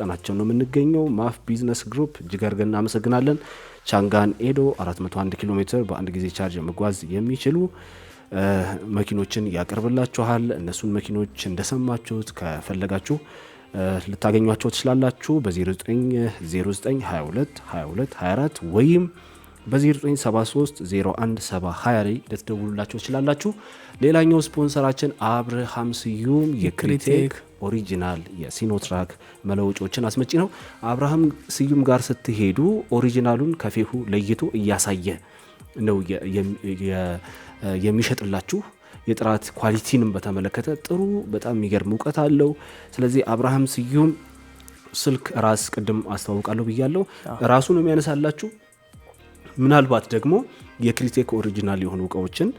እያሰለጠናቸው ነው የምንገኘው። ማፍ ቢዝነስ ግሩፕ እጅግ አድርገን እናመሰግናለን። ቻንጋን ኤዶ 401 ኪሎ ሜትር በአንድ ጊዜ ቻርጅ መጓዝ የሚችሉ መኪኖችን ያቀርብላችኋል። እነሱን መኪኖች እንደሰማችሁት ከፈለጋችሁ ልታገኟቸው ትችላላችሁ በ0909 22 22 24 ወይም በ0973 01 720 ላይ ልትደውሉላቸው ትችላላችሁ። ሌላኛው ስፖንሰራችን አብርሃም ስዩም የክሪቴክ ኦሪጂናል የሲኖትራክ መለወጫዎችን አስመጪ ነው። አብርሃም ስዩም ጋር ስትሄዱ ኦሪጂናሉን ከፌሁ ለይቶ እያሳየ ነው የሚሸጥላችሁ። የጥራት ኳሊቲንም በተመለከተ ጥሩ በጣም የሚገርም እውቀት አለው። ስለዚህ አብርሃም ስዩም ስልክ ራስ ቅድም አስተዋውቃለሁ ብያለሁ። ራሱ ነው የሚያነሳላችሁ ምናልባት ደግሞ የክሪቴክ ኦሪጂናል የሆኑ እቃዎችን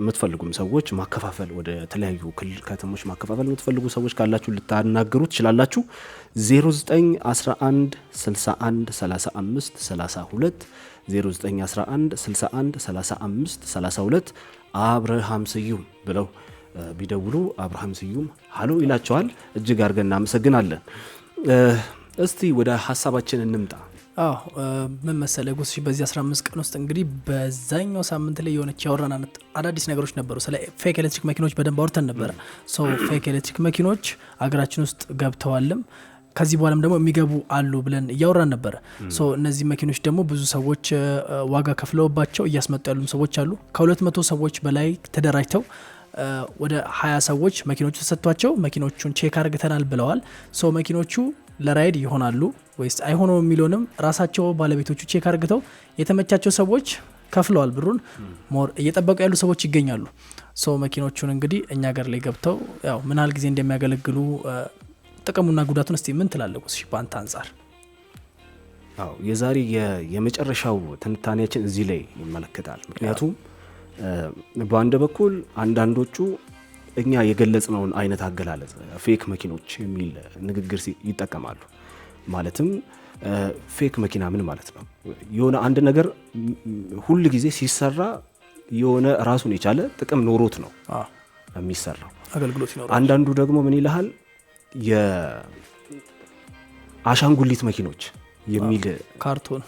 የምትፈልጉም ሰዎች ማከፋፈል ወደ ተለያዩ ክልል ከተሞች ማከፋፈል የምትፈልጉ ሰዎች ካላችሁ ልታናገሩ ትችላላችሁ። 0911 61 35 32 0911 61 35 32 አብርሃም ስዩም ብለው ቢደውሉ አብርሃም ስዩም ሀሎ ይላቸዋል። እጅግ አድርገን እናመሰግናለን። እስቲ ወደ ሀሳባችን እንምጣ። አዎ ምን መሰለህ ጉስ በዚህ 15 ቀን ውስጥ እንግዲህ በዛኛው ሳምንት ላይ የሆነች ያወራን አዳዲስ ነገሮች ነበሩ። ስለ ፌክ ኤሌክትሪክ መኪኖች በደንብ አውርተን ነበረ። ሰው ፌክ ኤሌክትሪክ መኪኖች አገራችን ውስጥ ገብተዋልም ከዚህ በኋላም ደግሞ የሚገቡ አሉ ብለን እያወራን ነበረ። እነዚህ መኪኖች ደግሞ ብዙ ሰዎች ዋጋ ከፍለውባቸው እያስመጡ ያሉም ሰዎች አሉ። ከ መቶ ሰዎች በላይ ተደራጅተው ወደ 20 ሰዎች መኪኖቹ ተሰጥቷቸው መኪኖቹን ቼክ አርግተናል ብለዋል። ሰው መኪኖቹ ለራይድ ይሆናሉ ወይስ አይሆነው የሚለውንም ራሳቸው ባለቤቶቹ ቼክ አርግተው የተመቻቸው ሰዎች ከፍለዋል ብሩን ሞር እየጠበቁ ያሉ ሰዎች ይገኛሉ። ሶ መኪኖቹን እንግዲህ እኛ ገር ላይ ገብተው ያው ምናል ጊዜ እንደሚያገለግሉ ጥቅሙና ጉዳቱን እስቲ ምን ትላለቁ በአንተ አንጻር? አዎ የዛሬ የመጨረሻው ትንታኔያችን እዚህ ላይ ይመለከታል። ምክንያቱም በአንድ በኩል አንዳንዶቹ እኛ የገለጽነውን አይነት አገላለጽ ፌክ መኪኖች የሚል ንግግር ይጠቀማሉ። ማለትም ፌክ መኪና ምን ማለት ነው? የሆነ አንድ ነገር ሁል ጊዜ ሲሰራ የሆነ ራሱን የቻለ ጥቅም ኖሮት ነው የሚሰራው። አገልግሎት አንዳንዱ ደግሞ ምን ይልሃል? የአሻንጉሊት መኪኖች የሚል ካርቶን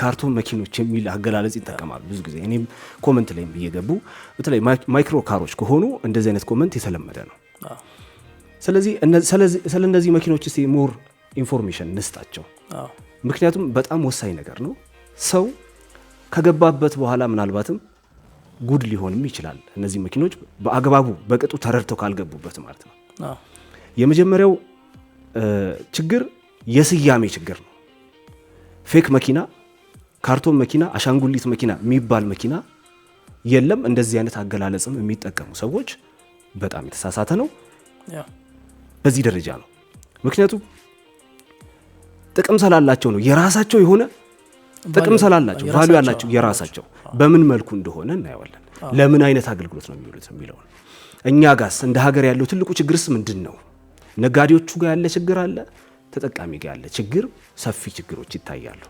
ካርቶን መኪኖች የሚል አገላለጽ ይጠቀማሉ ብዙ ጊዜ። እኔም ኮመንት ላይ እየገቡ በተለይ ማይክሮ ካሮች ከሆኑ እንደዚህ አይነት ኮመንት የተለመደ ነው። ስለዚህ ስለ እነዚህ መኪኖች ስ ሞር ኢንፎርሜሽን ንስጣቸው ምክንያቱም በጣም ወሳኝ ነገር ነው። ሰው ከገባበት በኋላ ምናልባትም ጉድ ሊሆንም ይችላል። እነዚህ መኪኖች በአግባቡ በቅጡ ተረድተው ካልገቡበት ማለት ነው። የመጀመሪያው ችግር የስያሜ ችግር ነው። ፌክ መኪና፣ ካርቶን መኪና፣ አሻንጉሊት መኪና የሚባል መኪና የለም። እንደዚህ አይነት አገላለጽም የሚጠቀሙ ሰዎች በጣም የተሳሳተ ነው። በዚህ ደረጃ ነው። ምክንያቱም ጥቅም ስላላቸው ነው። የራሳቸው የሆነ ጥቅም ስላላቸው ቫሉ ያላቸው የራሳቸው በምን መልኩ እንደሆነ እናየዋለን። ለምን አይነት አገልግሎት ነው የሚውሉት የሚለውን እኛ ጋስ እንደ ሀገር ያለው ትልቁ ችግርስ ምንድን ነው? ነጋዴዎቹ ጋር ያለ ችግር አለ። ተጠቃሚ ጋር ያለ ችግር ሰፊ ችግሮች ይታያሉ።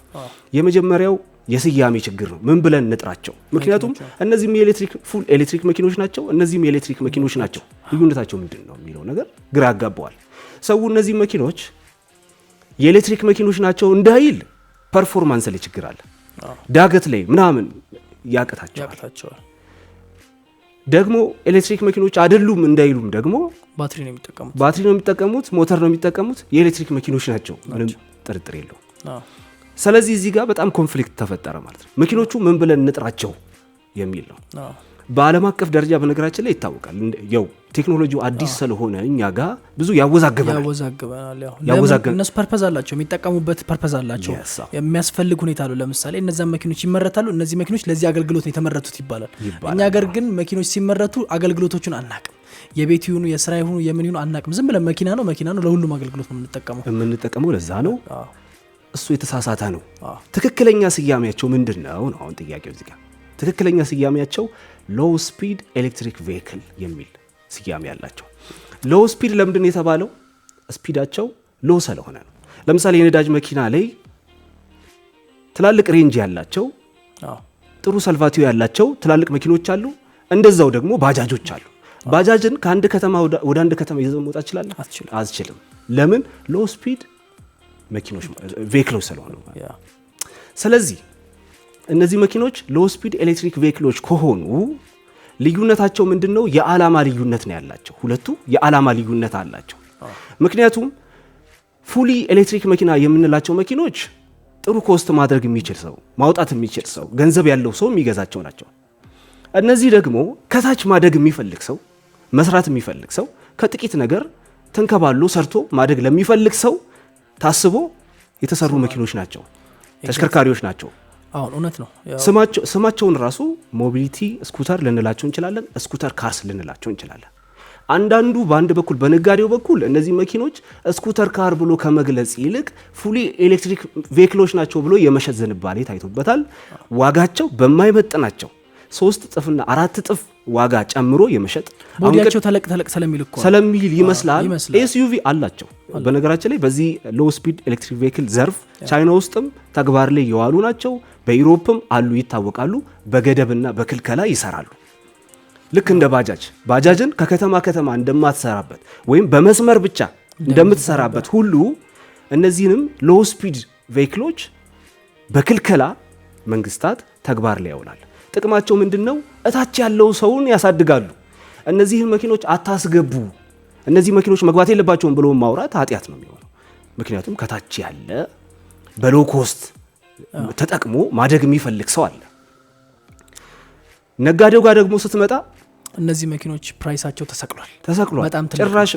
የመጀመሪያው የስያሜ ችግር ነው። ምን ብለን ንጥራቸው? ምክንያቱም እነዚህም የኤሌክትሪክ ፉል ኤሌክትሪክ መኪኖች ናቸው፣ እነዚህም የኤሌክትሪክ መኪኖች ናቸው። ልዩነታቸው ምንድን ነው የሚለው ነገር ግራ አጋበዋል። ሰው እነዚህ መኪኖች የኤሌክትሪክ መኪኖች ናቸው እንዳይል ፐርፎርማንስ ላይ ችግር አለ፣ ዳገት ላይ ምናምን ያቅታቸዋል። ደግሞ ኤሌክትሪክ መኪኖች አይደሉም እንዳይሉም ደግሞ ባትሪ ነው የሚጠቀሙት፣ ባትሪ ነው የሚጠቀሙት፣ ሞተር ነው የሚጠቀሙት፣ የኤሌክትሪክ መኪኖች ናቸው። ምንም ጥርጥር የለው ስለዚህ እዚህ ጋር በጣም ኮንፍሊክት ተፈጠረ ማለት ነው። መኪኖቹ ምን ብለን እንጥራቸው የሚል ነው። በዓለም አቀፍ ደረጃ በነገራችን ላይ ይታወቃል። ያው ቴክኖሎጂው አዲስ ስለሆነ እኛ ጋ ብዙ ያወዛግበናል። እነሱ ፐርፐዝ አላቸው፣ የሚጠቀሙበት ፐርፐዝ አላቸው፣ የሚያስፈልግ ሁኔታ አለው። ለምሳሌ እነዚያን መኪኖች ይመረታሉ። እነዚህ መኪኖች ለዚህ አገልግሎት ነው የተመረቱት ይባላል። እኛ ሀገር ግን መኪኖች ሲመረቱ አገልግሎቶቹን አናቅም። የቤት ይሁኑ የስራ ይሁኑ የምን ይሁኑ አናቅም። ዝም ብለን መኪና ነው መኪና ነው፣ ለሁሉም አገልግሎት ነው የምንጠቀመው የምንጠቀመው ለዛ ነው እሱ የተሳሳተ ነው። ትክክለኛ ስያሜያቸው ምንድን ነው ነው አሁን ጥያቄው እዚህ ጋር ትክክለኛ ስያሜያቸው ሎው ስፒድ ኤሌክትሪክ ቬክል የሚል ስያሜ ያላቸው። ሎው ስፒድ ለምንድን የተባለው? ስፒዳቸው ሎ ስለሆነ ነው። ለምሳሌ የነዳጅ መኪና ላይ ትላልቅ ሬንጅ ያላቸው ጥሩ ሰልቫቲዮ ያላቸው ትላልቅ መኪኖች አሉ። እንደዛው ደግሞ ባጃጆች አሉ። ባጃጅን ከአንድ ከተማ ወደ አንድ ከተማ ይዘ መውጣት ይችላል? አትችልም። ለምን? ሎ ስፒድ መኪኖች ቬክሎች ስለሆነ። ስለዚህ እነዚህ መኪኖች ሎስፒድ ኤሌክትሪክ ቬክሎች ከሆኑ ልዩነታቸው ምንድን ነው? የዓላማ ልዩነት ነው ያላቸው። ሁለቱ የዓላማ ልዩነት አላቸው። ምክንያቱም ፉሊ ኤሌክትሪክ መኪና የምንላቸው መኪኖች ጥሩ ኮስት ማድረግ የሚችል ሰው ማውጣት የሚችል ሰው ገንዘብ ያለው ሰው የሚገዛቸው ናቸው። እነዚህ ደግሞ ከታች ማደግ የሚፈልግ ሰው መስራት የሚፈልግ ሰው ከጥቂት ነገር ተንከባሎ ሰርቶ ማደግ ለሚፈልግ ሰው ታስቦ የተሰሩ መኪኖች ናቸው፣ ተሽከርካሪዎች ናቸው። አሁን እውነት ነው። ስማቸውን ራሱ ሞቢሊቲ ስኩተር ልንላቸው እንችላለን፣ ስኩተር ካርስ ልንላቸው እንችላለን። አንዳንዱ በአንድ በኩል በነጋዴው በኩል እነዚህ መኪኖች ስኩተር ካር ብሎ ከመግለጽ ይልቅ ፉሊ ኤሌክትሪክ ቬክሎች ናቸው ብሎ የመሸጥ ዝንባሌ ታይቶበታል። ዋጋቸው በማይመጥናቸው ሶስት እጥፍና አራት እጥፍ ዋጋ ጨምሮ የመሸጥ ቦዲያቸው ተለቅ ተለቅ ስለሚል እኮ ስለሚል ይመስላል። ኤስዩቪ አላቸው። በነገራችን ላይ በዚህ ሎው ስፒድ ኤሌክትሪክ ቬክል ዘርፍ ቻይና ውስጥም ተግባር ላይ የዋሉ ናቸው። በዩሮፕም አሉ ይታወቃሉ። በገደብና በክልከላ ይሰራሉ። ልክ እንደ ባጃጅ ባጃጅን ከከተማ ከተማ እንደማትሰራበት ወይም በመስመር ብቻ እንደምትሰራበት ሁሉ እነዚህንም ሎው ስፒድ ቬክሎች በክልከላ መንግስታት ተግባር ላይ ያውላል። ጥቅማቸው ምንድን ነው? እታች ያለው ሰውን ያሳድጋሉ። እነዚህን መኪኖች አታስገቡ፣ እነዚህ መኪኖች መግባት የለባቸውም ብሎ ማውራት ኃጢአት ነው የሚሆነው። ምክንያቱም ከታች ያለ በሎው ኮስት ተጠቅሞ ማደግ የሚፈልግ ሰው አለ። ነጋዴው ጋር ደግሞ ስትመጣ እነዚህ መኪኖች ፕራይሳቸው ተሰቅሏል ተሰቅሏል። ጭራሽ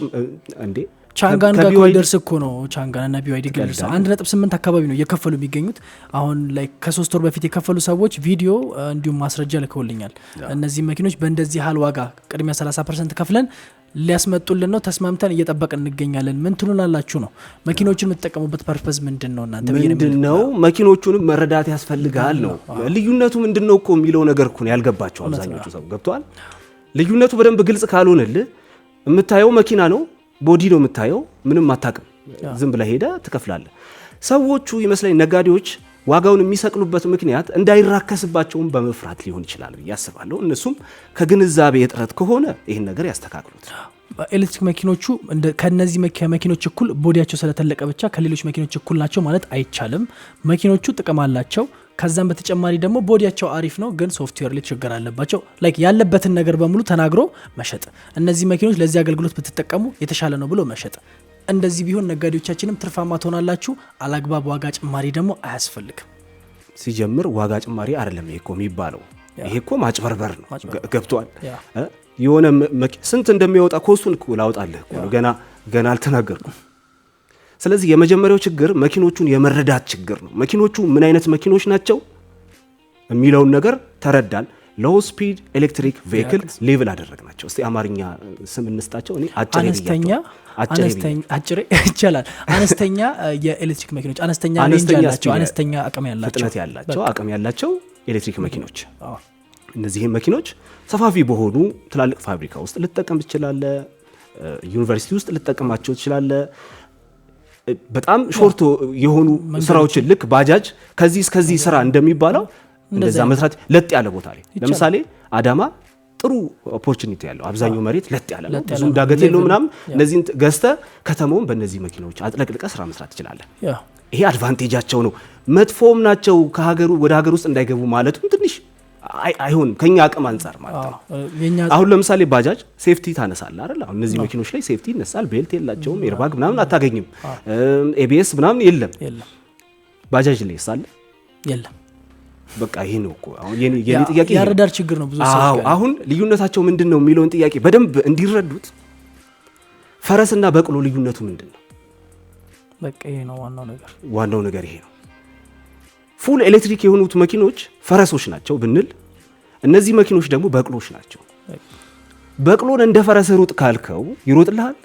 እንዴ ቻንጋን ጋር ኮሊደርስ እኮ ነው። ቻንጋን እና ቢዋይዲ ግልደርስ አንድ ነጥብ ስምንት አካባቢ ነው እየከፈሉ የሚገኙት። አሁን ላይ ከሶስት ወር በፊት የከፈሉ ሰዎች ቪዲዮ እንዲሁም ማስረጃ ልከውልኛል። እነዚህ መኪኖች በእንደዚህ ያህል ዋጋ ቅድሚያ 30 ፐርሰንት ከፍለን ሊያስመጡልን ነው። ተስማምተን እየጠበቅን እንገኛለን። ምን ትሉናላችሁ? ነው መኪኖቹን የምትጠቀሙበት ፐርፐዝ ምንድን ነው? እናንተ ምንድን ነው? መኪኖቹንም መረዳት ያስፈልጋል ነው ልዩነቱ ምንድን ነው እኮ የሚለው ነገር እኮ ነው ያልገባቸው አብዛኞቹ ሰው ገብተዋል። ልዩነቱ በደንብ ግልጽ ካልሆነል የምታየው መኪና ነው፣ ቦዲ ነው የምታየው፣ ምንም አታውቅም። ዝም ብለህ ሄደህ ትከፍላለህ። ሰዎቹ ይመስለኝ ነጋዴዎች ዋጋውን የሚሰቅሉበት ምክንያት እንዳይራከስባቸውም በመፍራት ሊሆን ይችላል ብዬ አስባለሁ። እነሱም ከግንዛቤ እጥረት ከሆነ ይህን ነገር ያስተካክሉት። ኤሌክትሪክ መኪኖቹ ከነዚህ መኪኖች እኩል ቦዲያቸው ስለተለቀ ብቻ ከሌሎች መኪኖች እኩል ናቸው ማለት አይቻልም። መኪኖቹ ጥቅም አላቸው። ከዛም በተጨማሪ ደግሞ ቦዲያቸው አሪፍ ነው፣ ግን ሶፍትዌር ላይ ችግር አለባቸው። ላይክ ያለበትን ነገር በሙሉ ተናግሮ መሸጥ፣ እነዚህ መኪኖች ለዚህ አገልግሎት ብትጠቀሙ የተሻለ ነው ብሎ መሸጥ እንደዚህ ቢሆን ነጋዴዎቻችንም ትርፋማ ትሆናላችሁ። አላግባብ ዋጋ ጭማሪ ደግሞ አያስፈልግም። ሲጀምር ዋጋ ጭማሪ አይደለም ይሄ እኮ የሚባለው ይሄ እኮ ማጭበርበር ነው። ገብቷል። የሆነ ስንት እንደሚወጣ ኮሱን ላውጣልህ ገና ገና አልተናገርኩም። ስለዚህ የመጀመሪያው ችግር መኪኖቹን የመረዳት ችግር ነው። መኪኖቹ ምን አይነት መኪኖች ናቸው የሚለውን ነገር ተረዳል። ሎው ስፒድ ኤሌክትሪክ ቬክል ሌቭል አደረግ ናቸው። እስቲ አማርኛ ስም እንስጣቸው። እኔ አነስተኛ አጭሬ ይቻላል። አነስተኛ የኤሌክትሪክ መኪኖች አነስተኛ ሬንጅ ያላቸው አነስተኛ አቅም ያላቸው ፍጥነት ያላቸው አቅም ያላቸው ኤሌክትሪክ መኪኖች እነዚህም መኪኖች ሰፋፊ በሆኑ ትላልቅ ፋብሪካ ውስጥ ልጠቀም ትችላለ። ዩኒቨርሲቲ ውስጥ ልጠቀማቸው ትችላለ። በጣም ሾርት የሆኑ ስራዎችን ልክ ባጃጅ ከዚህ እስከዚህ ስራ እንደሚባለው እንደዛ መስራት ለጥ ያለ ቦታ ላይ ለምሳሌ አዳማ ጥሩ ኦፖርቹኒቲ ያለው አብዛኛው መሬት ለጥ ያለ ነው። ብዙም ዳገት የለው ምናምን። እነዚህን ገዝተ ከተማውን በእነዚህ መኪናዎች አጥለቅልቀ ስራ መስራት ትችላለህ። ይሄ አድቫንቴጃቸው ነው። መጥፎም ናቸው። ከሀገሩ ወደ ሀገር ውስጥ እንዳይገቡ ማለቱም ትንሽ አይሆንም ከኛ አቅም አንጻር ማለት ነው። አሁን ለምሳሌ ባጃጅ ሴፍቲ ታነሳለህ አይደል? አሁን እነዚህ መኪኖች ላይ ሴፍቲ ይነሳል። ቤልት የላቸውም። ኤርባግ ምናምን አታገኝም። ኤቢኤስ ምናምን የለም። ባጃጅ ላይ ይሳለ የለም በቃ ይሄ ነው እኮ አሁን የኔ ጥያቄ ያረዳር ችግር ነው። ብዙ ሰው አሁን ልዩነታቸው ምንድን ነው የሚለውን ጥያቄ በደንብ እንዲረዱት ፈረስና በቅሎ ልዩነቱ ምንድን ነው? በቃ ይሄ ነው ዋናው ነገር። ዋናው ነገር ይሄ ነው። ፉል ኤሌክትሪክ የሆኑት መኪኖች ፈረሶች ናቸው ብንል፣ እነዚህ መኪኖች ደግሞ በቅሎች ናቸው። በቅሎን እንደ ፈረስ ሩጥ ካልከው ይሮጥልሃል?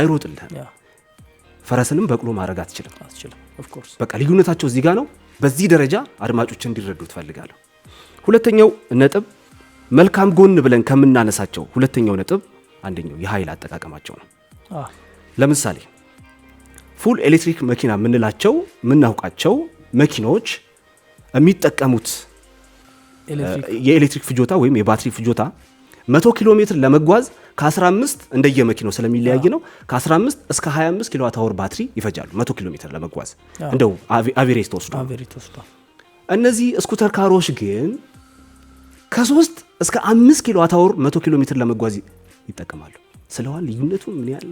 አይሮጥልሃል። ፈረስንም በቅሎ ማድረግ አትችልም። በቃ ልዩነታቸው እዚህ ጋር ነው። በዚህ ደረጃ አድማጮች እንዲረዱ ትፈልጋለሁ። ሁለተኛው ነጥብ መልካም ጎን ብለን ከምናነሳቸው ሁለተኛው ነጥብ አንደኛው የኃይል አጠቃቀማቸው ነው። ለምሳሌ ፉል ኤሌክትሪክ መኪና የምንላቸው የምናውቃቸው መኪናዎች የሚጠቀሙት የኤሌክትሪክ ፍጆታ ወይም የባትሪ ፍጆታ 100 ኪሎ ሜትር ለመጓዝ ከ15 እንደየመኪናው ስለሚለያይ ነው ከ15 እስከ 25 ዋት አወር ባትሪ ይፈጃሉ። 100 ኪሎ ሜትር ለመጓዝ እንደው አቬሬጅ ተወስዷል። እነዚህ ስኩተር ካሮች ግን ከ3 እስከ 5 ዋት አወር 100 ኪሎ ሜትር ለመጓዝ ይጠቀማሉ። ስለዋ ልዩነቱ ምን ያህል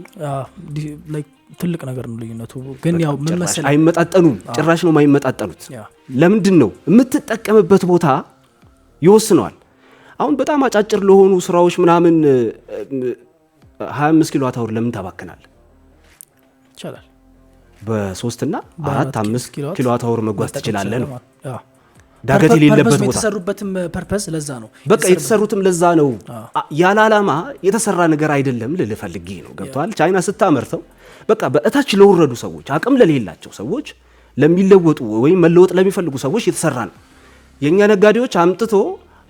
ትልቅ ነገር ነው። ልዩነቱ ግን ያው ምን መሰለህ አይመጣጠኑም። ጭራሽ ነው የማይመጣጠኑት። ለምንድን ነው የምትጠቀምበት ቦታ ይወስነዋል። አሁን በጣም አጫጭር ለሆኑ ስራዎች ምናምን 25 ኪሎ አታውር ለምን ታባክናል? ይቻላል። በሶስትና አራት አምስት ኪሎ አታውር መጓዝ ትችላለ ነው ዳገት የሌለበት ቦታ የተሰሩበትም ፐርፐዝ ለዛ ነው። በቃ የተሰሩትም ለዛ ነው። ያለ አላማ የተሰራ ነገር አይደለም ልልህ ፈልጌ ነው። ገብተዋል። ቻይና ስታመርተው በቃ በእታች ለወረዱ ሰዎች፣ አቅም ለሌላቸው ሰዎች፣ ለሚለወጡ ወይም መለወጥ ለሚፈልጉ ሰዎች የተሰራ ነው። የእኛ ነጋዴዎች አምጥቶ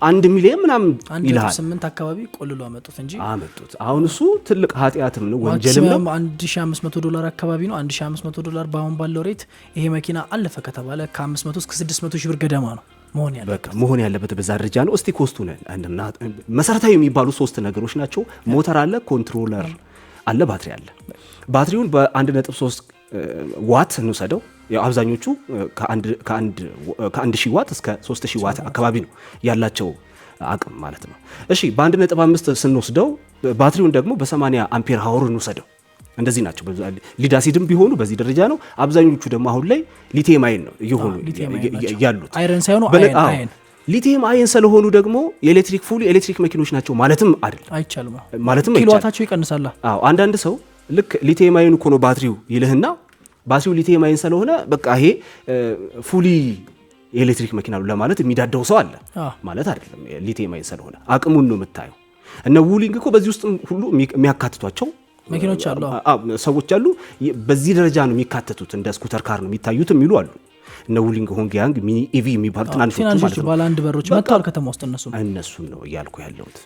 አንድ ሚሊየን ምናምን ይልሃል። ስምንት አካባቢ ቆልሎ አመጡት እንጂ አመጡት። አሁን እሱ ትልቅ ኃጢአትም ነው ወንጀልም ነው። አንድ ሺ አምስት መቶ ዶላር አካባቢ ነው። አንድ ሺ አምስት መቶ ዶላር በአሁን ባለው ሬት ይሄ መኪና አለፈ ከተባለ ከአምስት መቶ እስከ ስድስት መቶ ሺ ብር ገደማ ነው መሆን ያለበት በዛ ደረጃ ነው። እስቲ ኮስቱ መሰረታዊ የሚባሉ ሶስት ነገሮች ናቸው። ሞተር አለ፣ ኮንትሮለር አለ፣ ባትሪ አለ። ባትሪውን በ1.3 ዋት እንውሰደው አብዛኞቹ ከአንድ ሺህ ዋት እስከ ሶስት ሺህ ዋት አካባቢ ነው ያላቸው አቅም ማለት ነው። እሺ በአንድ ነጥብ አምስት ስንወስደው ባትሪውን ደግሞ በሰማንያ አምፔር ሀወር እንውሰደው። እንደዚህ ናቸው። ሊዳሲድም ቢሆኑ በዚህ ደረጃ ነው። አብዛኞቹ ደግሞ አሁን ላይ ሊቴም አይን ነው እየሆኑ ያሉት ሊቴም አይን ስለሆኑ ደግሞ የኤሌክትሪክ ፉል ኤሌክትሪክ መኪኖች ናቸው ማለትም አይደለም፣ አይቻልም። ማለትም ኪሎዋታቸው ይቀንሳል። አዎ አንዳንድ ሰው ልክ ሊቴም አይን እኮ ነው ባትሪው ይልህና ባሲው ሊቴ ማይን ስለሆነ በቃ ይሄ ፉሊ የኤሌክትሪክ መኪና ለማለት የሚዳደው ሰው አለ ማለት አይደለም። ሊቴ ማይን ስለሆነ አቅሙን ነው የምታየው። እነ ውሊንግ እኮ በዚህ ውስጥ ሁሉ የሚያካትቷቸው መኪኖች አሉ፣ ሰዎች አሉ። በዚህ ደረጃ ነው የሚካተቱት፣ እንደ ስኩተር ካር ነው የሚታዩት የሚሉ አሉ። እነ ውሊንግ ሆንግያንግ ሚኒ ኢቪ የሚባሉ ትናንሾቹ ባለ አንድ በሮች መጥተዋል ከተማ ውስጥ እነሱ እነሱም ነው እያልኩ ያለሁት።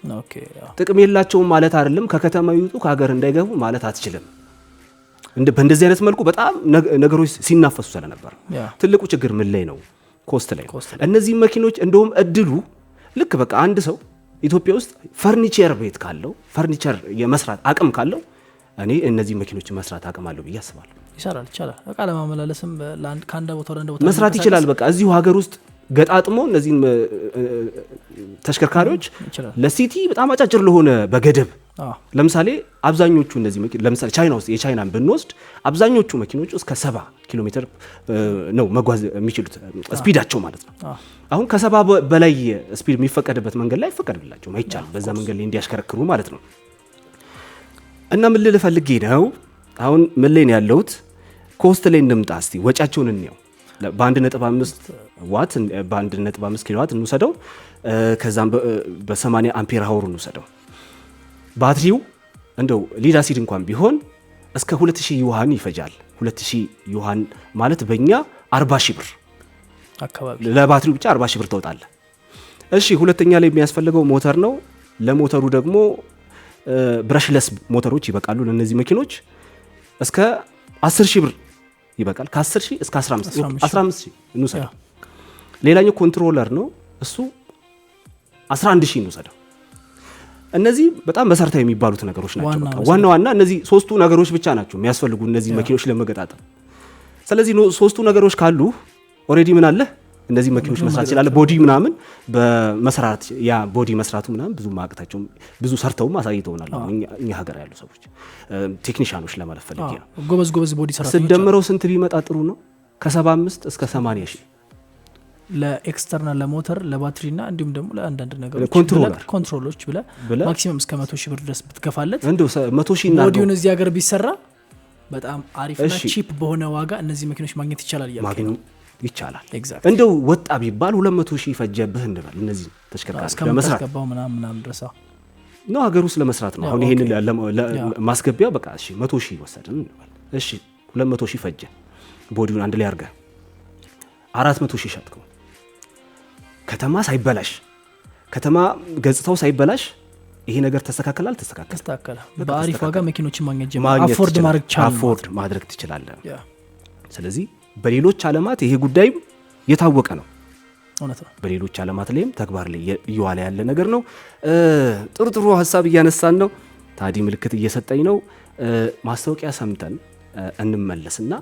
ጥቅም የላቸውም ማለት አይደለም። ከከተማ ይውጡ ከሀገር እንዳይገቡ ማለት አትችልም። በእንደዚህ አይነት መልኩ በጣም ነገሮች ሲናፈሱ ስለነበር ትልቁ ችግር ምን ላይ ነው? ኮስት ላይ ነው። እነዚህ መኪኖች እንደውም እድሉ ልክ በቃ አንድ ሰው ኢትዮጵያ ውስጥ ፈርኒቸር ቤት ካለው ፈርኒቸር የመስራት አቅም ካለው እኔ እነዚህ መኪኖች መስራት አቅም አለው ብዬ አስባለሁ። ይሰራል፣ ይቻላል። እቃ ለማመላለስም ከአንድ ቦታ ወደ አንድ ቦታ መስራት ይችላል። በቃ እዚሁ ሀገር ውስጥ ገጣጥሞ እነዚህ ተሽከርካሪዎች ለሲቲ በጣም አጫጭር ለሆነ በገደብ ለምሳሌ አብዛኞቹ እነዚህ ለምሳሌ ቻይና ውስጥ የቻይናን ብንወስድ አብዛኞቹ መኪኖች እስከ ሰባ ኪሎ ሜትር ነው መጓዝ የሚችሉት ስፒዳቸው ማለት ነው። አሁን ከሰባ በላይ ስፒድ የሚፈቀድበት መንገድ ላይ አይፈቀድላቸውም፣ አይቻልም በዛ መንገድ ላይ እንዲያሽከረክሩ ማለት ነው። እና ምን ልል ነው አሁን ምን ላይ ነው ያለሁት? ኮስት ላይ እንምጣ እስቲ፣ ወጫቸውን እንየው በአንድ ነጥብ አምስት ዋት በአንድ ነጥብ አምስት ኪሎ ዋት እንውሰደው። ከዛም በ80 አምፔር ሀውር እንውሰደው። ባትሪው እንደው ሊድ አሲድ እንኳን ቢሆን እስከ 2000 ዩሃን ይፈጃል። 2000 ዩሃን ማለት በእኛ 40 ሺህ ብር ለባትሪው ብቻ 40 ሺህ ብር ተወጣለ። እሺ ሁለተኛ ላይ የሚያስፈልገው ሞተር ነው። ለሞተሩ ደግሞ ብረሽለስ ሞተሮች ይበቃሉ ለእነዚህ መኪኖች እስከ 10 ሺህ ብር ይበቃል። ከ10 ሺህ እስከ 15 ሺህ እንውሰደው። ሌላኛው ኮንትሮለር ነው። እሱ 11 ሺህ እንውሰደው። እነዚህ በጣም መሰረታዊ የሚባሉት ነገሮች ናቸው። ዋና ዋና እነዚህ ሶስቱ ነገሮች ብቻ ናቸው የሚያስፈልጉ እነዚህ መኪኖች ለመገጣጠም። ስለዚህ ሶስቱ ነገሮች ካሉ ኦልሬዲ ምን አለ እነዚህ መኪኖች መስራት ይችላል። ቦዲ ምናምን በመስራት ያ ቦዲ መስራቱ ምናምን ብዙ ማቅታቸው ብዙ ሰርተውም አሳይተውናል። እኛ ሀገር ያሉ ሰዎች ቴክኒሽያኖች ለማለት ፈልጌ ነው። ጎበዝ ጎበዝ ቦዲ ስደምረው ስንት ቢመጣ ጥሩ ነው? ከ75 እስከ 80 ሺህ ለኤክስተርናል ለሞተር ለባትሪ ና እንዲሁም ደግሞ ለአንዳንድ ነገሮች ኮንትሮሎች ብለ ማክሲመም እስከ መቶ ሺህ ብር ድረስ ብትከፋለት መቶ ሺህ ሞዲውን እዚህ ሀገር ቢሰራ በጣም አሪፍ ና ቺፕ በሆነ ዋጋ እነዚህ መኪኖች ማግኘት ይቻላል እያልክ ነው። ይቻላል እንደው ወጣ ቢባል ሁለት መቶ ሺህ ፈጀብህ እንበል እነዚህ ተሽከርካሪ ለመስራት ምናምን ድረስ ነው ሀገር ውስጥ ለመስራት ነው። አሁን ይሄንን ማስገቢያ በቃ እሺ መቶ ሺህ ወሰድን እንበል እሺ ሁለት መቶ ሺህ ፈጀ ቦዲውን አንድ ላይ አርገ አራት መቶ ሺህ ሸጥከው ከተማ ሳይበላሽ ከተማ ገጽታው ሳይበላሽ ይሄ ነገር ተስተካከላል ተስተካከል በአሪፍ ዋጋ መኪኖችን ማግኘት አፎርድ ማድረግ አፎርድ ማድረግ ትችላለ። ስለዚህ በሌሎች አለማት ይሄ ጉዳይ የታወቀ ነው፣ በሌሎች አለማት ላይም ተግባር ላይ እየዋለ ያለ ነገር ነው። ጥሩ ጥሩ ሀሳብ እያነሳን ነው። ታዲ ምልክት እየሰጠኝ ነው። ማስታወቂያ ሰምተን እንመለስና